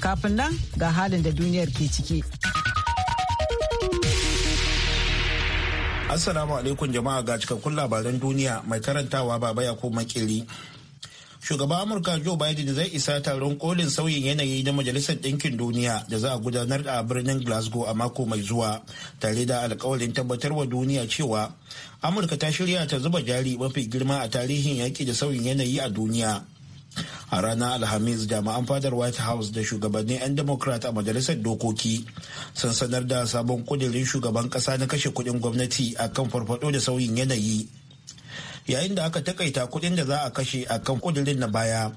Kafin nan ga halin da duniyar ke ciki. Assalamu alaikum jama'a ga cikakkun labaran duniya mai karantawa baba ya ko makili. Shugaban Amurka Joe Biden zai isa taron kolin sauyin yanayi na Majalisar Ɗinkin Duniya da za a gudanar a birnin Glasgow a mako mai zuwa tare da alkawarin tabbatarwa duniya cewa Amurka ta shirya ta zuba jari mafi girma a tarihin yaƙi da sauyin yanayi a duniya. a ranar alhamis jama'an fadar white house da shugabannin 'yan democrat a majalisar dokoki sun sanar da sabon kudirin shugaban kasa na kashe kudin gwamnati a kan farfado da sauyin yanayi yayin da aka takaita kudin da za a kashe a kan kudirin na baya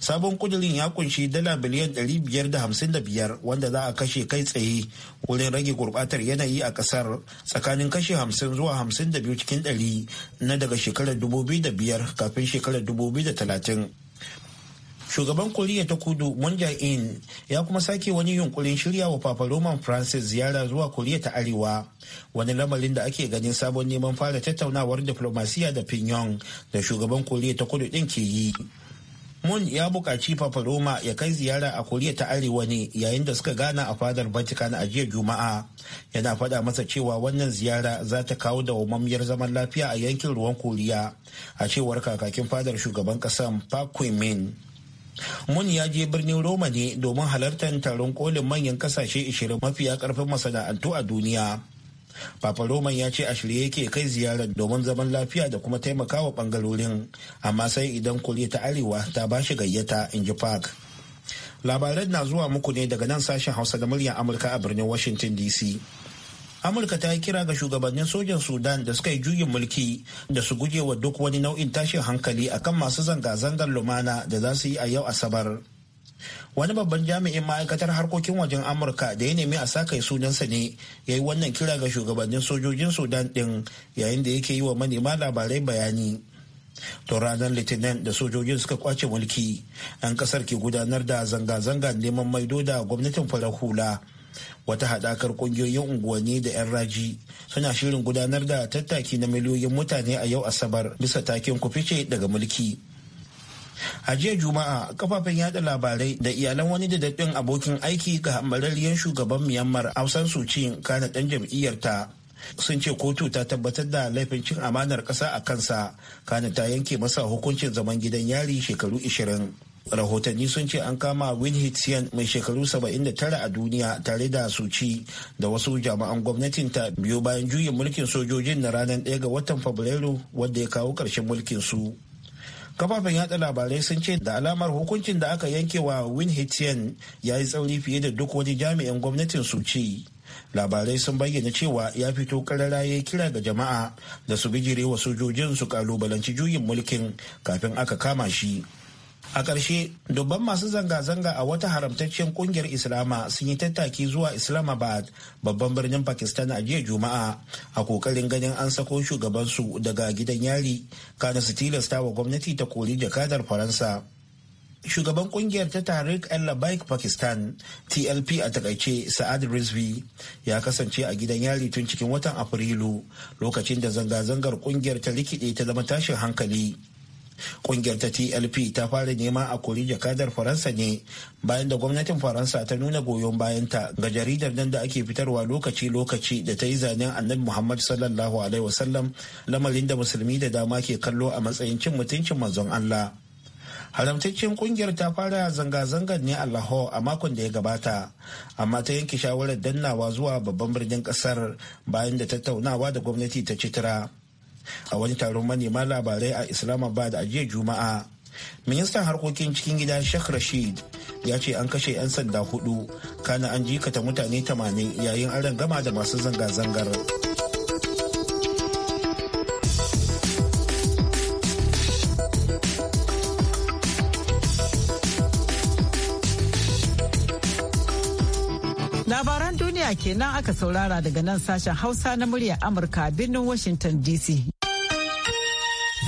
sabon kudirin ya kunshi dala biliyan 555 wanda za a kashe kai tsaye wurin rage gurbatar yanayi a kasar tsakanin kashe 50 zuwa 52 cikin 100 na daga shekarar 2005 kafin shekarar 2030 shugaban koriya ta kudu moon in ya kuma sake wani yunkurin shirya wa papa roman francis ziyara zuwa koriya ta arewa wani lamarin da ake ganin sabon neman fara tattaunawar diplomasiya da pinyon da shugaban koriya ta kudu din ke yi moon ya bukaci papa roma ya kai ziyara a koriya ta arewa ne yayin da suka gana a fadar vatican a jiya juma'a yana faɗa masa cewa wannan ziyara za ta kawo dawwammamiyar zaman lafiya a yankin ruwan koriya a cewar kakakin fadar shugaban ƙasar park mun ya je birnin roma ne domin halartar taron kolin manyan kasashe 20 mafiya karfin masana'antu a duniya Papa Roman ya ce a shirye yake kai ziyarar domin zaman lafiya da kuma taimakawa bangarorin, amma sai idan Koriya ta Arewa ta ba shi gayyata in ji Park. Labaran na zuwa muku ne daga nan sashen Hausa da muryar Amurka a birnin Washington DC. amurka ta yi kira ga shugabannin sojan sudan da suka yi juyin mulki da su guje wa duk wani nau'in tashin hankali akan masu zanga-zangar lumana da za su yi a yau asabar wani babban jami'in ma'aikatar harkokin wajen amurka da ya nemi a sakai sunansa ne ya yi wannan kira ga shugabannin sojojin sudan ɗin yayin da yake yi wa manema labarai bayani to ranar litinin da sojojin suka kwace mulki 'yan kasar ke gudanar da zanga-zanga neman maido da gwamnatin farar hula wata haɗakar ƙungiyoyin unguwanni da 'yan raji suna shirin gudanar da tattaki na miliyoyin mutane a yau asabar bisa takin kufice daga mulki a jiya juma'a kafafen yada labarai da iyalan wani da daɗin abokin aiki ga hambararriyar shugaban myanmar ausan suci kana ɗan jam'iyyarta sun ce kotu ta tabbatar da laifin cin amanar ƙasa a kansa kana ta yanke masa hukuncin zaman gidan yari shekaru ishirin. rahotanni sun ce an kama winhit siyan mai shekaru 79 a duniya tare da suci da wasu jami'an gwamnatin ta biyo bayan juyin mulkin sojojin na ranar 1 ga watan fabrairu wadda ya kawo ƙarshen mulkin su kafafen yada labarai sun ce da alamar hukuncin da aka yanke wa win ya yi tsauri fiye da duk wani jami'in gwamnatin su ci, labarai sun bayyana cewa ya fito karara ya kira ga jama'a da su bijire wa sojojin su kalubalanci juyin mulkin kafin aka kama shi A ƙarshe, dubban masu zanga-zanga a wata haramtaccen ƙungiyar Islama sun yi tattaki zuwa Islamabad, babban birnin Pakistan a jiya Juma'a, a kokarin ganin an sako shugabansu daga gidan yari, kana su tilasta wa gwamnati ta kori jakadar Faransa. Shugaban kungiyar ta Tariq El Labaik Pakistan, TLP a takaice Sa'ad Rizvi, ya kasance a gidan yari tun cikin watan Afrilu, lokacin da zanga-zangar kungiyar ta rikide ta zama tashin hankali. Ƙungiyar ta TLP ta fara nema a kori jakadar Faransa ne bayan da gwamnatin Faransa ta nuna goyon bayanta ga jaridar nan da ake fitarwa lokaci-lokaci da ta yi zanen annabi Muhammad sallallahu alaihi wasallam lamarin da musulmi da dama ke kallo a matsayin cin mutuncin manzon Allah. haramtaccen kungiyar ta fara zanga-zangar ne a lahore a makon da ya gabata amma ta yanke shawarar dannawa zuwa babban birnin kasar bayan da tattaunawa da gwamnati ta citira a wani taron manema labarai a islamabad a jiya juma'a ministan harkokin cikin gida sheikh rashid ya ce an kashe 'yan sanda hudu kana an jikata mutane 80 yayin aron gama da masu zanga-zangar labaran duniya kenan aka saurara daga nan sashen hausa na muryar amurka birnin washington dc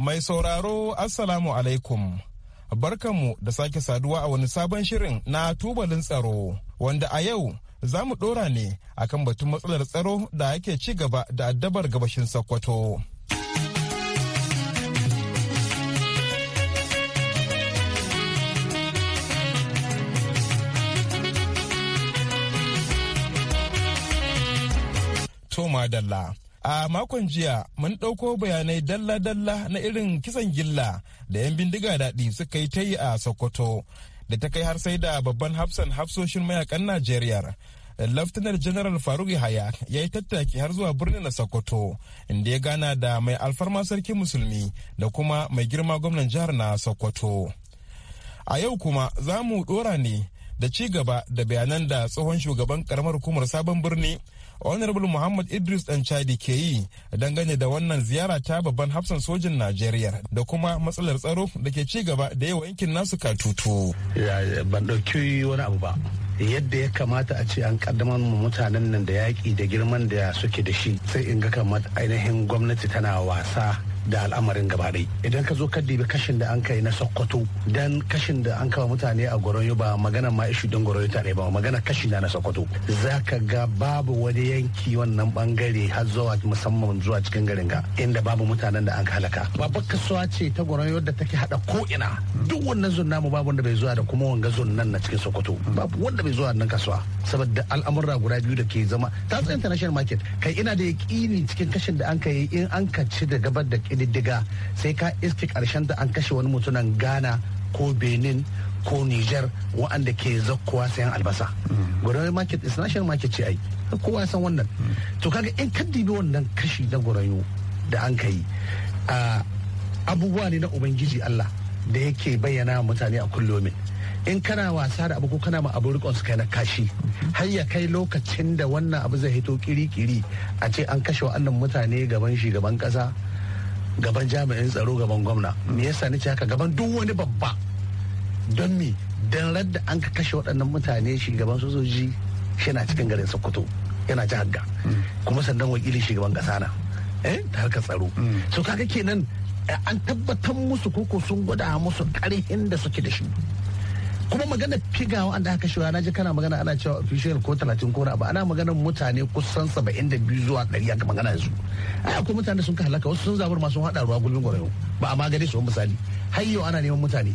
Mai sauraro Assalamu alaikum. Barkanmu da sake saduwa a wani sabon shirin na tubalin tsaro wanda a yau za mu ɗora ne a kan batun matsalar tsaro da yake ci gaba da addabar gabashin Sokoto. Toma Dalla a makon jiya mun ɗauko bayanai dalla-dalla na irin kisan gilla da 'yan bindiga daɗi suka yi ta yi a sokoto da ta kai har sai da babban hafsan hafsoshin mayakan najeriya laftanar general faruk yahaya ya yi tattaki har zuwa birnin na sokoto inda ya gana da mai alfarma sarki musulmi da kuma mai girma gwamnan jihar na sokoto a yau kuma za mu dora ne da ci gaba da bayanan da tsohon shugaban karamar hukumar sabon birni honorable muhammad idris dan chadi ke yi dangane da wannan ziyara ta babban hafsan sojin najeriya da kuma matsalar tsaro da ke ci gaba da yawa yankin nasu katutu ban ɗauki wani abu ba yadda ya kamata a ce an kaddamar mu mutanen nan da yaƙi da girman da suke da shi sai in ga kamar ainihin gwamnati tana wasa da al'amarin gaba idan ka zo ka dibi kashin da an kai na sokoto dan kashin da an kawo mutane a goron ba magana ma ishu din goron ta ba magana kashi na na sokoto za ka ga babu wani yanki wannan bangare har zuwa musamman zuwa cikin garin ga inda babu mutanen da an halaka Babu kasuwa ce ta goron da take hada ko ina duk wannan zunna mu babu wanda bai zuwa da kuma wanga zunnan nan na cikin sokoto babu wanda bai zuwa nan kasuwa saboda al'amurra guda biyu da ke zama ta international market kai ina da yaƙini cikin kashin da an kai in an ka da gabar da kididdiga sai ka iske karshen da an kashe wani mutunan ghana ko benin ko niger waɗanda ke zakkowa sayan albasa mm. gwararren market is national market ce ai kowa san wannan mm. to kaga in ka wannan kashi na gwarayo da an ka yi abubuwa ne na ubangiji allah da yake bayyana mutane a kullumin in kana wasa da abu ko kana ma abu rikon su kai na kashi har ya kai lokacin da wannan abu zai hito kiri-kiri a ce an kashe wa'annan mutane gaban shi gaban kasa gaban jami'in tsaro gaban gwamna me yasa nace haka gaban duk wani babba don me dan radda an ka kashe waɗannan mutane shugaban sojoji shi na cikin garin sokoto yana jihar hagga? Mm. kuma sannan wakili shugaban kasa na eh ta harkar tsaro mm. so kaga kenan eh, an tabbatar musu koko sun gwada musu karihin da suke da shi kuma magana figawa an da aka shiwa na ji kana magana ana cewa official ko 30 ko ba ana maganar mutane kusan 72 zuwa 100 aka magana yanzu ai akwai mutane sun ka halaka wasu sun zabar masu hada ruwa gulbin gwarayo ba a magani su misali har yau ana neman mutane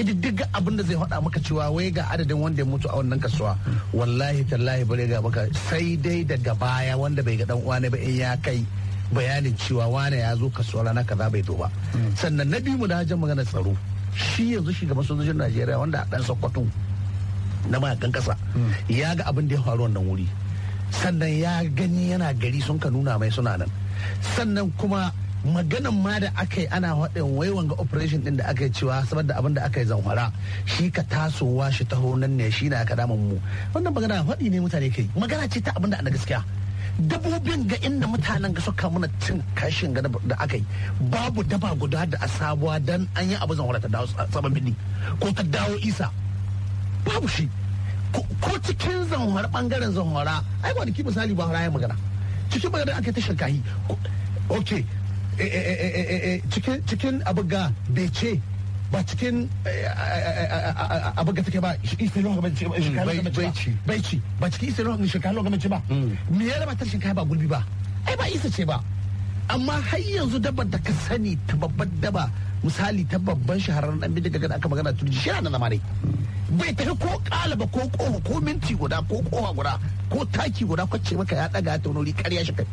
ididdiga abin da zai hada maka cewa wai ga adadin wanda ya mutu a wannan kasuwa wallahi tallahi bare ga maka sai dai daga baya wanda bai ga dan uwa ba in ya kai bayanin cewa wane ya zo kasuwa rana kaza bai zo ba hmm. sannan na biyu mu da hajjan magana tsaro shi yanzu shugaban sojojin najeriya wanda a dan sokoto na mayakan kasa hmm. ya ga abin da ya faru wannan wuri sannan ya gani yana gari sun ka nuna mai suna nan sannan kuma maganan ma da aka yi ana haɗin waiwan ga operation ɗin da aka yi cewa saboda abin da aka yi zanwara shi ka tasowa shi taho nan ne shi na ka damun mu wannan magana haɗi ne mutane ke magana ce ta abin da ana gaskiya dabobin ga inda mutanen ga suka muna cin kashin ga da aka yi babu daba guda da a sabuwa dan an yi abu zanwara ta dawo saman bindi ko ta dawo isa babu shi ko cikin zanwara bangaren zanwara ai ba da ki misali ba ya magana cikin magana aka ta shankahi ok eh, eh, eh, cikin abu ga bece ba cikin eh, eh, eh, abin ka take ba istilon gabanci ba mm, ci ba cikin istilon shekarun gabanci ba mm. me ya raba ta shinkafa ba gulbi ba ai ba isa ce ba amma har yanzu dabbar da ka sani ta babban daba misali ta babban shahararren dan bidiga da aka magana turji shi na namare ne bai tafi ko kalaba ko kofa ko minti guda ko kowa guda ko taki guda ko ce maka ya daga ta wani karya shi kai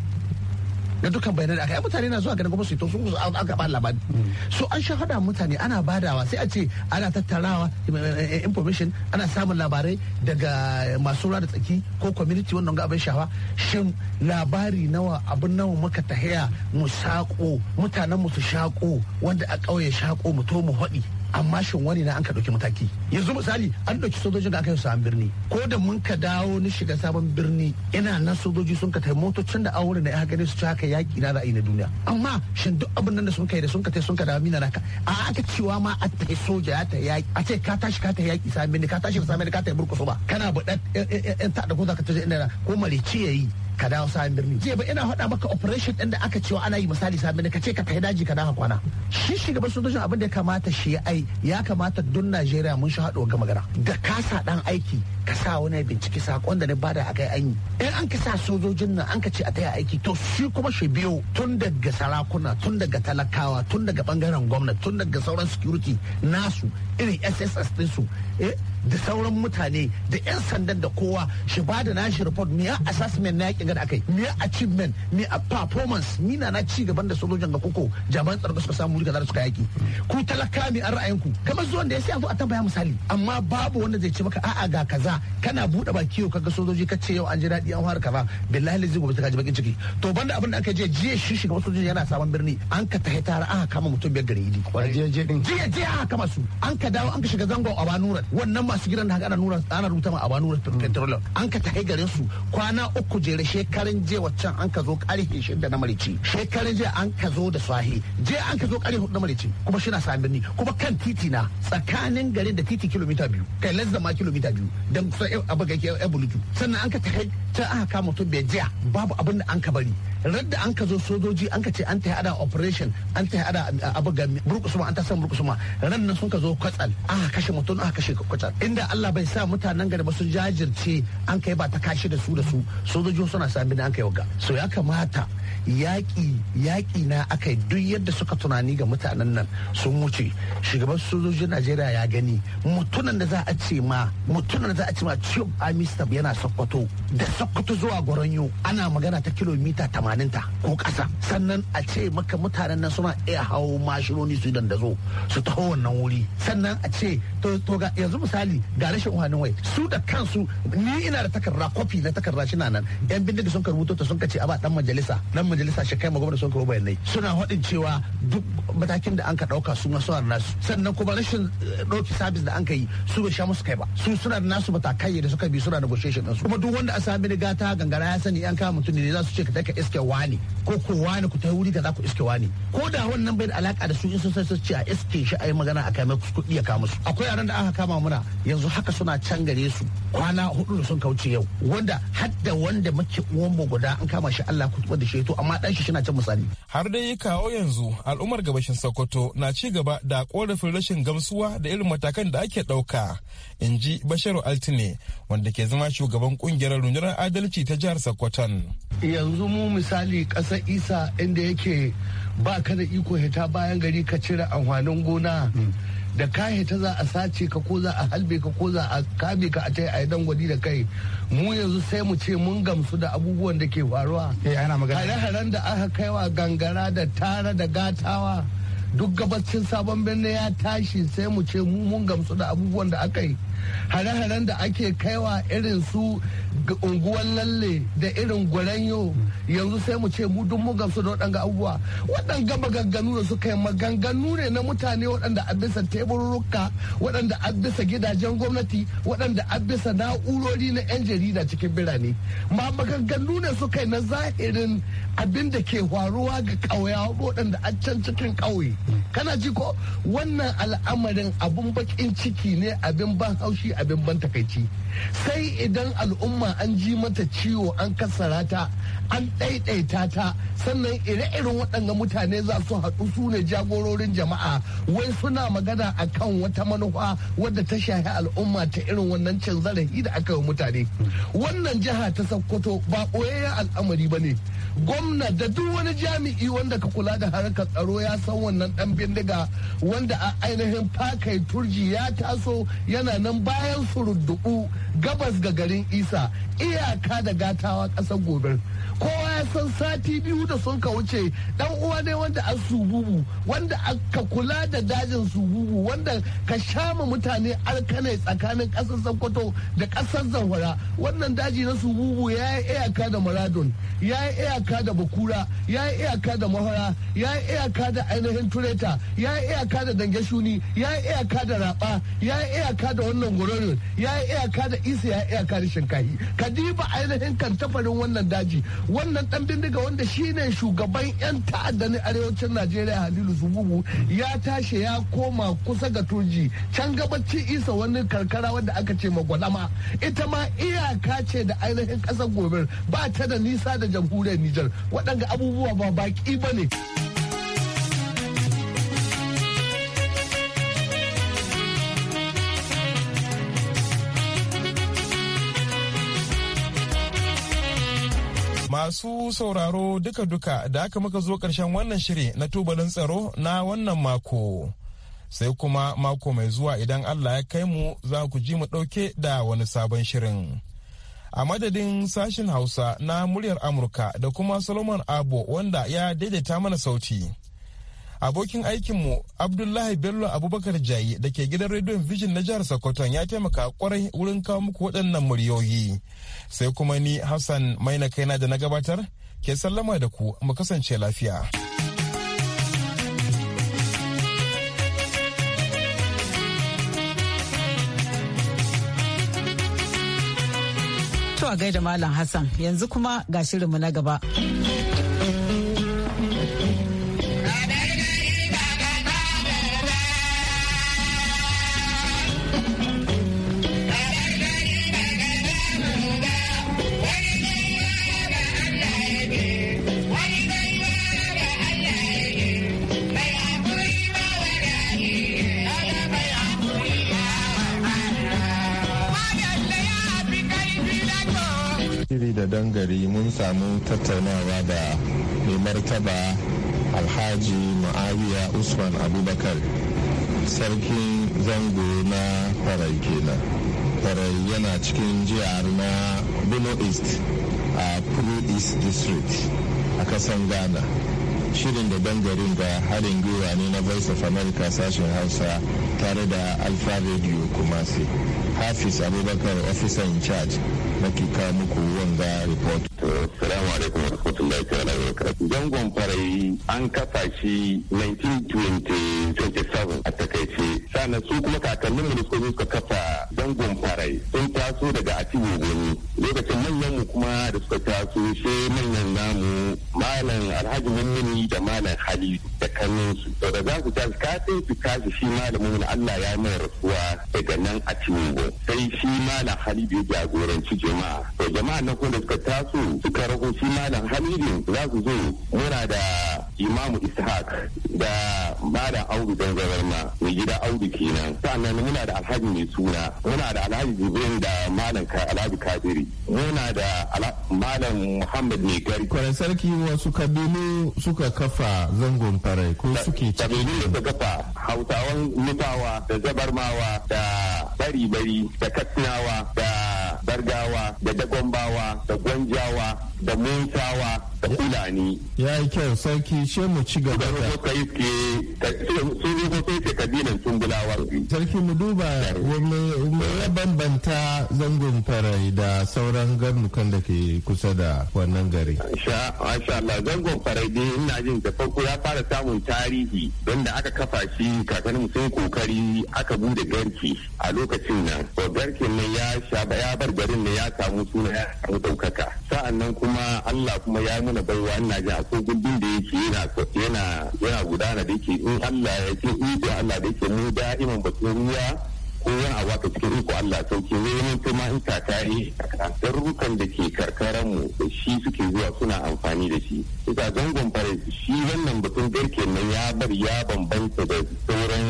na dukkan bayanan da aka yi mutane na zuwa ganin gwamnati to sun aka ba labari hmm. so an sha hada mutane ana badawa sai a ce ana tattarawa eh, eh, eh, information ana samun labarai daga masu ruwa tsaki ko community wannan ga abin shawa shin labari nawa abin nawa muka tahiya mu saƙo mutanen mu su shaƙo wanda a ƙauye shako mu to mu haɗi amma shin wani na an ka ɗauki mataki yanzu misali an ɗauki sojojin da aka yi sabon birni ko da mun ka dawo ni shiga sabon birni ina nan sojoji sun ka tai motocin da aure na ya gani su ci haka yaƙi na ra'ayi na duniya amma shin duk abin nan da sun kai da sun ka tai sun ka dawo mina naka a aka cewa ma a tai soja ya ta yaki a ce ka tashi ka ta yaki sabon birni ka tashi sabon birni ka ta burkusu ba kana buɗa 'yan da ko za ka tashi inda ko mare ya yi ka dawo sabon birni jiya ba ina faɗa maka operation ɗin da aka cewa ana yi misali sabon ka ce ka kai daji ka dawo kwana shi shugaban sojojin abin da ya kamata shi ai ya kamata don Najeriya mun shi haɗo ga magana da kasa ɗan aiki ka sa wani bincike sakon da na bada akai an yi in an ka sojojin nan an ka ce a taya aiki to shi kuma shi biyo tun daga sarakuna tun daga talakawa tun daga bangaren gwamnati tun daga sauran security nasu irin sss din su eh, da sauran mutane da 'yan sandan da kowa shi ba da nashi report miya assessment na yakin gada akai miya achievement miya performance ni na na ci gaban da sojojin ga koko jaman tsaro suka samu riga da suka yaki ku talaka mi an ra'ayinku kamar zuwan da ya sai a zo a tambaya misali amma babu wanda zai ce maka a'a ga kaza kasa kana buɗe baki yau kaga sojoji ka ce yau an ji daɗi an fara kaza billahi lazi gobe ta kaji bakin ciki to banda abin da aka je jiya shi shiga sojoji yana sabon birni an ka tahi tara aka kama mutum biyar gari idi jiya jiya jiya aka kama su an ka dawo an ka shiga zangon abanuran wannan masu gidan da haka ana nura ana rubuta ma abanuran hmm. petrol an ka tahi garin su kwana uku jere shekarun je waccan an ka zo karfe shida na marici shekarun je an ka zo da sahi je an ka zo karfe hudu na marici kuma shi na sabon birni kuma kan titi na tsakanin garin da titi kilomita biyu kai lazza ma kilomita biyu da dan so abu ga ke eh, bulutu sannan an ka ta ta aka kama to bai jiya babu abin da an ka bari radda an ka zo sojoji an ka ce an ta ada operation an ta ada uh, abu ga burkusuma an ta san burkusuma ran nan sun ka zo kwatsal aka kashe mutum aka kashe kwatsal inda Allah bai sa mutanen gari ba sun jajirce an kai ba ta kashi da su da su sojoji suna sami da an kai wagga so ya kamata yaƙi yaƙi na aka yi duk yadda suka tunani ga mutanen nan sun wuce shugaban sojojin najeriya ya gani mutunan da za a ce ma mutunan da za a ce ma chief army yana sokoto da sokoto zuwa goronyo ana magana ta kilomita 80 tamaninta ko ƙasa sannan a ce maka mutanen nan suna iya hawo mashinoni su da zo su taho wannan wuri sannan a ce to ga yanzu misali ga rashin wani wai su da kansu ni ina da takarda kofi na takarda shi nan yan bindiga sun karbuto ta sun kace a ba dan majalisa dan majalisa shi kai magana sun karo bayanai suna hadin cewa duk matakin da an ka dauka su masu suna nasu sannan kuma rashin dauki eh, sabis da an ka yi su bai sha musu kai ba su suna da nasu matakai da suka bi suna negotiation din su kuma duk wanda a sami riga ta gangara ya sani an kama mutum ne za su ce ka iske iske wani ko ko wani ku tayi wuri za ku iske wani ko da wannan bai da alaka da su in sun sassa ce a iske shi a yi magana a kai mai kuɗi ya kama su akwai yaran da aka kama muna yanzu haka suna can gare su kwana hudu da sun kauce yau wanda hadda wanda muke uwan mu guda an kama shi Allah tuba da sheto amma dan shi na can misali har dai kawo yanzu al'ummar gabashin Sokoto na ci gaba da korafin rashin gamsuwa da irin matakan da ake ɗauka in ji Basharu Altine wanda ke zama shugaban kungiyar rundunar adalci ta jihar Sokoton. yanzu mu misali ƙasar isa inda yake ba ka da iko heta bayan gari ka cire amfanin gona da ka heta za a sace ka ko za a halbe ka ko za a kame ka a ta a dan gwadi da kai mu yanzu sai mu ce mun gamsu da abubuwan da ke faruwa eh, hare-haren da aka kaiwa gangara da tara da gatawa duk gabacin sabon birni ya tashi sai mu ce mu mun gamsu da abubuwan da aka yi hare-haren da ake kaiwa irin su unguwar lalle da irin gwaranyo yanzu sai mu ce mu duk su da waɗanga abubuwa waɗanga maganganu da suka yi maganganu ne na mutane waɗanda a bisa tebururruka waɗanda a bisa gidajen gwamnati waɗanda a na'urori na 'yan jarida cikin birane ma maganganu ne suka yi na zahirin abin da ke faruwa ga ƙauya waɗanda a can cikin ƙauye kana ji ko wannan al'amarin abin bakin ciki ne abin ban haushi abin ban takaici sai idan al'umma an ji mata ciwo an kassara ta an ɗaiɗaita ta sannan ire-iren waɗannan mutane za su haɗu su ne jagororin jama'a wai suna magana a kan wata manufa wadda ta shahi al'umma ta irin wannan cin da aka yi mutane wannan jiha ta sakkwato ba ɓoyayyen al'amari ba ne gwamna da duk wani jami'i wanda ka kula da harkar tsaro ya san wannan dan bindiga wanda a ainihin fakai turji ya taso yana nan bayan surudu gabas ga garin isa iyaka da gatawa ƙasar gobe kowa ya san sati biyu da sun ka wuce dan uwa ne wanda an sububu wanda aka kula da dajin sububu wanda ka shama mutane alkanai tsakanin kasar sokoto da kasar zamfara wannan daji na sububu ya yi iyaka da maradon ya yi iyaka da bakura ya yi iyaka da mahara ya yi iyaka da ainihin tureta ya yi iyaka da dange shuni ya yi iyaka da raba ya yi iyaka da wannan gororin ya yi iyaka da isa ya yi iyaka da shinkahi kadiba ainihin kan tafarin wannan daji wannan dan bindiga wanda shine shugaban yan ta'adda na arewacin najeriya halilu zububu ya tashi ya koma kusa ga turji can gabaci isa wani karkara wanda aka ce magwalama ita ma iyaka ce da ainihin kasar gobe ba ta da nisa da jamhuriyar nijar waɗanda abubuwa ba baki ba ne. Masu sauraro duka-duka da aka muka zo ƙarshen wannan shiri na tubalin tsaro na wannan mako. Sai kuma mako mai zuwa idan Allah ya kai mu za ku ji mu ɗauke da wani sabon shirin. A madadin sashin Hausa na muryar Amurka da kuma Solomon Abo wanda ya daidaita mana sauti. abokin aikinmu abdullahi bello abubakar jayi da ke gidan rediyon vision na jihar sokoton ya taimaka kwarai wurin kawo muku waɗannan muryoyi sai kuma ni hassan maina kaina da na gabatar ke sallama da ku mu kasance lafiya To gaida Malam Hassan yanzu kuma ga shirinmu na gaba. samu tattaunawa da mai martaba alhaji ma'ariya usman abubakar sarkin zango na farai kenan farai yana cikin jihar na Bono east a pro east district a kasan ghana shirin da dangarin ga harin gwiwa ne na voice of america sashen hausa tare da alfa radio kumasi hafiz abubakar in charge nake kawo muku wanga report salamu alaikum warahmatullahi ta'ala wa barakatuh dangon farai an kafa shi 1920 kana su kuma kakannin mu da suka ka suka kafa dangon farai sun taso daga a cikin lokacin manyan mu kuma da suka taso sai manyan namu malam alhaji mummuni da malam halidu da kanin su to da za ku tashi kafin su tashi shi malamin Allah ya mai rasuwa daga nan a cikin sai shi malam halidu ya jagoranci jama'a to jama'a na kuma da suka taso suka rago shi malam halidu za ku zo muna da imamu ishaq da malam audu dan zabarma mai gida audu kenan sannan muna da alhaji mai suna muna da alhaji jibrin da malam alhaji kadiri muna da malam muhammad mai gari kwarai sarki wasu kabilu suka kafa zangon farai ko suke kabilu da suka kafa hausawan nufawa da zabarmawa da bari-bari da katsinawa da bargawa da dagombawa da gwanjawa da musawa da fulani ya yi kyau sarki shi ci gaba da su ne sai kabilan tumbula sarki mu duba ya bambanta zangon farai da sauran garnukan da ke kusa da wannan gari insha Allah zangon farai dai ina jin da farko ya fara samun tarihi don da aka kafa shi kakannin sai kokari aka bude garki a lokacin nan to garkin nan ya sha ba ya bar garin ne ya samu suna ya samu daukaka sa'annan kuma Allah kuma ya mana baiwa ina jin a gundun da yake yana yana yana gudana da yake in Allah ya ce in Allah da yake mu da da'iman bakin ruwa ko wani abu ka cikin iko Allah sauki ne wani to ma ita tare garurukan da ke karkaran mu da shi suke zuwa suna amfani da shi ita zangon fare shi wannan batun garke nan ya bar ya bambanta da sauran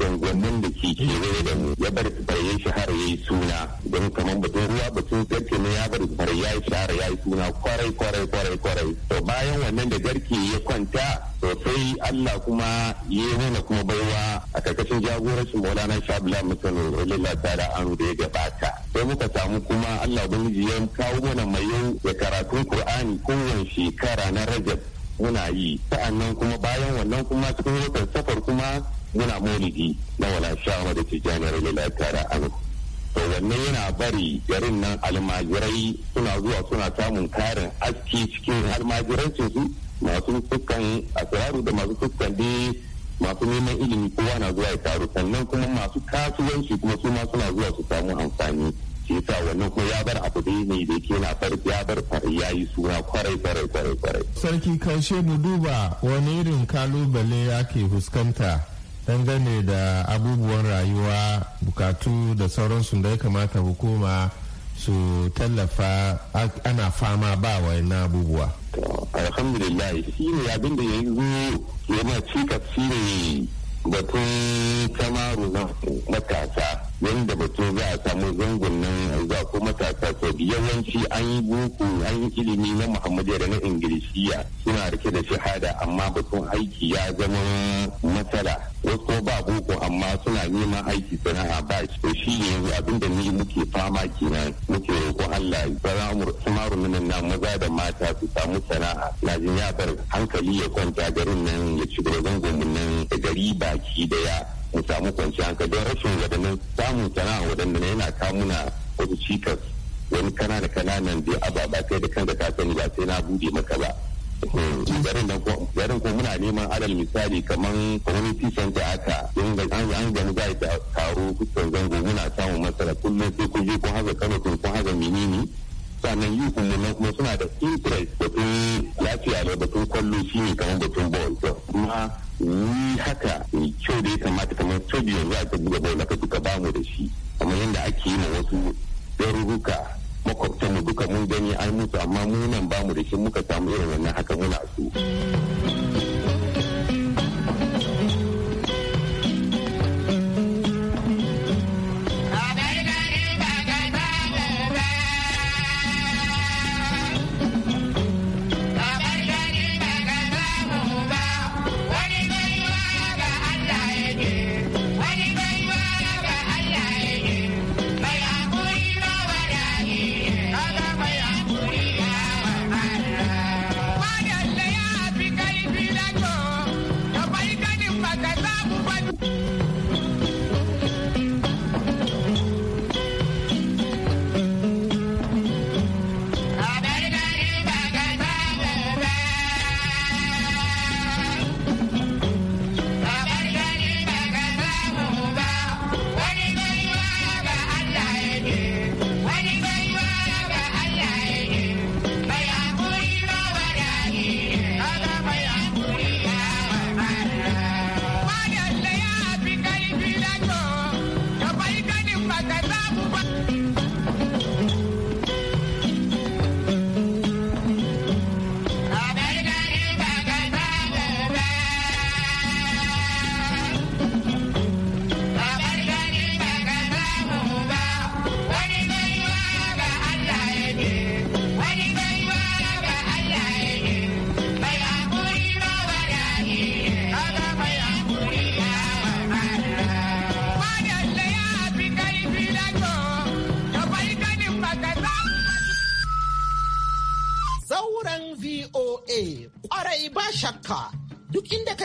zangonnin da ke kewaye da mu ya bar fare shahara ya yi suna don kamar batun ruwa batun garke nan ya bar fare yi shahara ya yi suna kwarai kwarai kwarai kwarai to bayan wannan da garke ya kwanta sosai Allah kuma yi mana kuma baiwa a karkashin jagorancin Maulana Shabla Mutum Rasulullah Tara Anu da ya gabata. Sai muka samu kuma Allah Ubangiji ya kawo mana mayo da karatun Kur'ani kowane shekara na Rajab muna yi. Sa'annan kuma bayan wannan kuma cikin watan safar kuma muna maulidi na wala sha'awa da tijjani Rasulullah Tara Anu. to wannan yana bari garin nan almajirai suna zuwa suna samun karin aski cikin almajirancin su masu sukan asiraru da masu sukan da masu neman ilimi kowa na zuwa ya taru sannan kuma masu kasuwanci kuma su ma suna zuwa su samu amfani shi yasa wannan ko ya bar abu dai ne da ke na bar ya bar ya yi suna kwarai kwarai kwarai kwarai sarki karshe mu duba wani irin kalubale ake fuskanta dangane da abubuwan rayuwa bukatu da sauransu da ya kamata hukuma su tallafa ana fama ba wa na abubuwa. alhamdulillah shi ne abin da ya zo ya cikas shi ne batun kamaru na matasa wanda batu za a samu zangon nan za ko matasa ko yawanci an yi boko an yi ilimi na muhammadu da na ingilishiya suna rike da shahada amma batun aiki ya zama matsala wasu ba buku amma suna neman aiki sana'a ba to shi ne abin da ni muke fama kenan muke roƙo Allah ya samaru minan nan maza da mata su samu sana'a na jin ya hankali ya kwanta garin nan ya ci zangon nan da gari baki daya mu samu kwanciyar hankali don rashin waɗannan samun sana'a waɗannan yana kamuna wasu cikas wani kanana kananan da ababa kai da da ka sani ba sai na bude maka ba eh, garin ko muna neman alal misali kamar community center aka yin an gani za ta taro kusan zango muna samun matsala kullum sai kun je kun haza kano kun haza menene sannan yi umarnan kuma suna da interest batun lafiya da batun kwallo shi ne kamar batun ball kuma ni haka kyau da ya kamata kamar stadium za ta buga ball ka duka bamu da shi kamar yadda ake yi ma wasu garuruka makwabta mu duka mun gani an mutu amma mu nan bamu da shi muka samu irin wannan haka muna so. shakka duk inda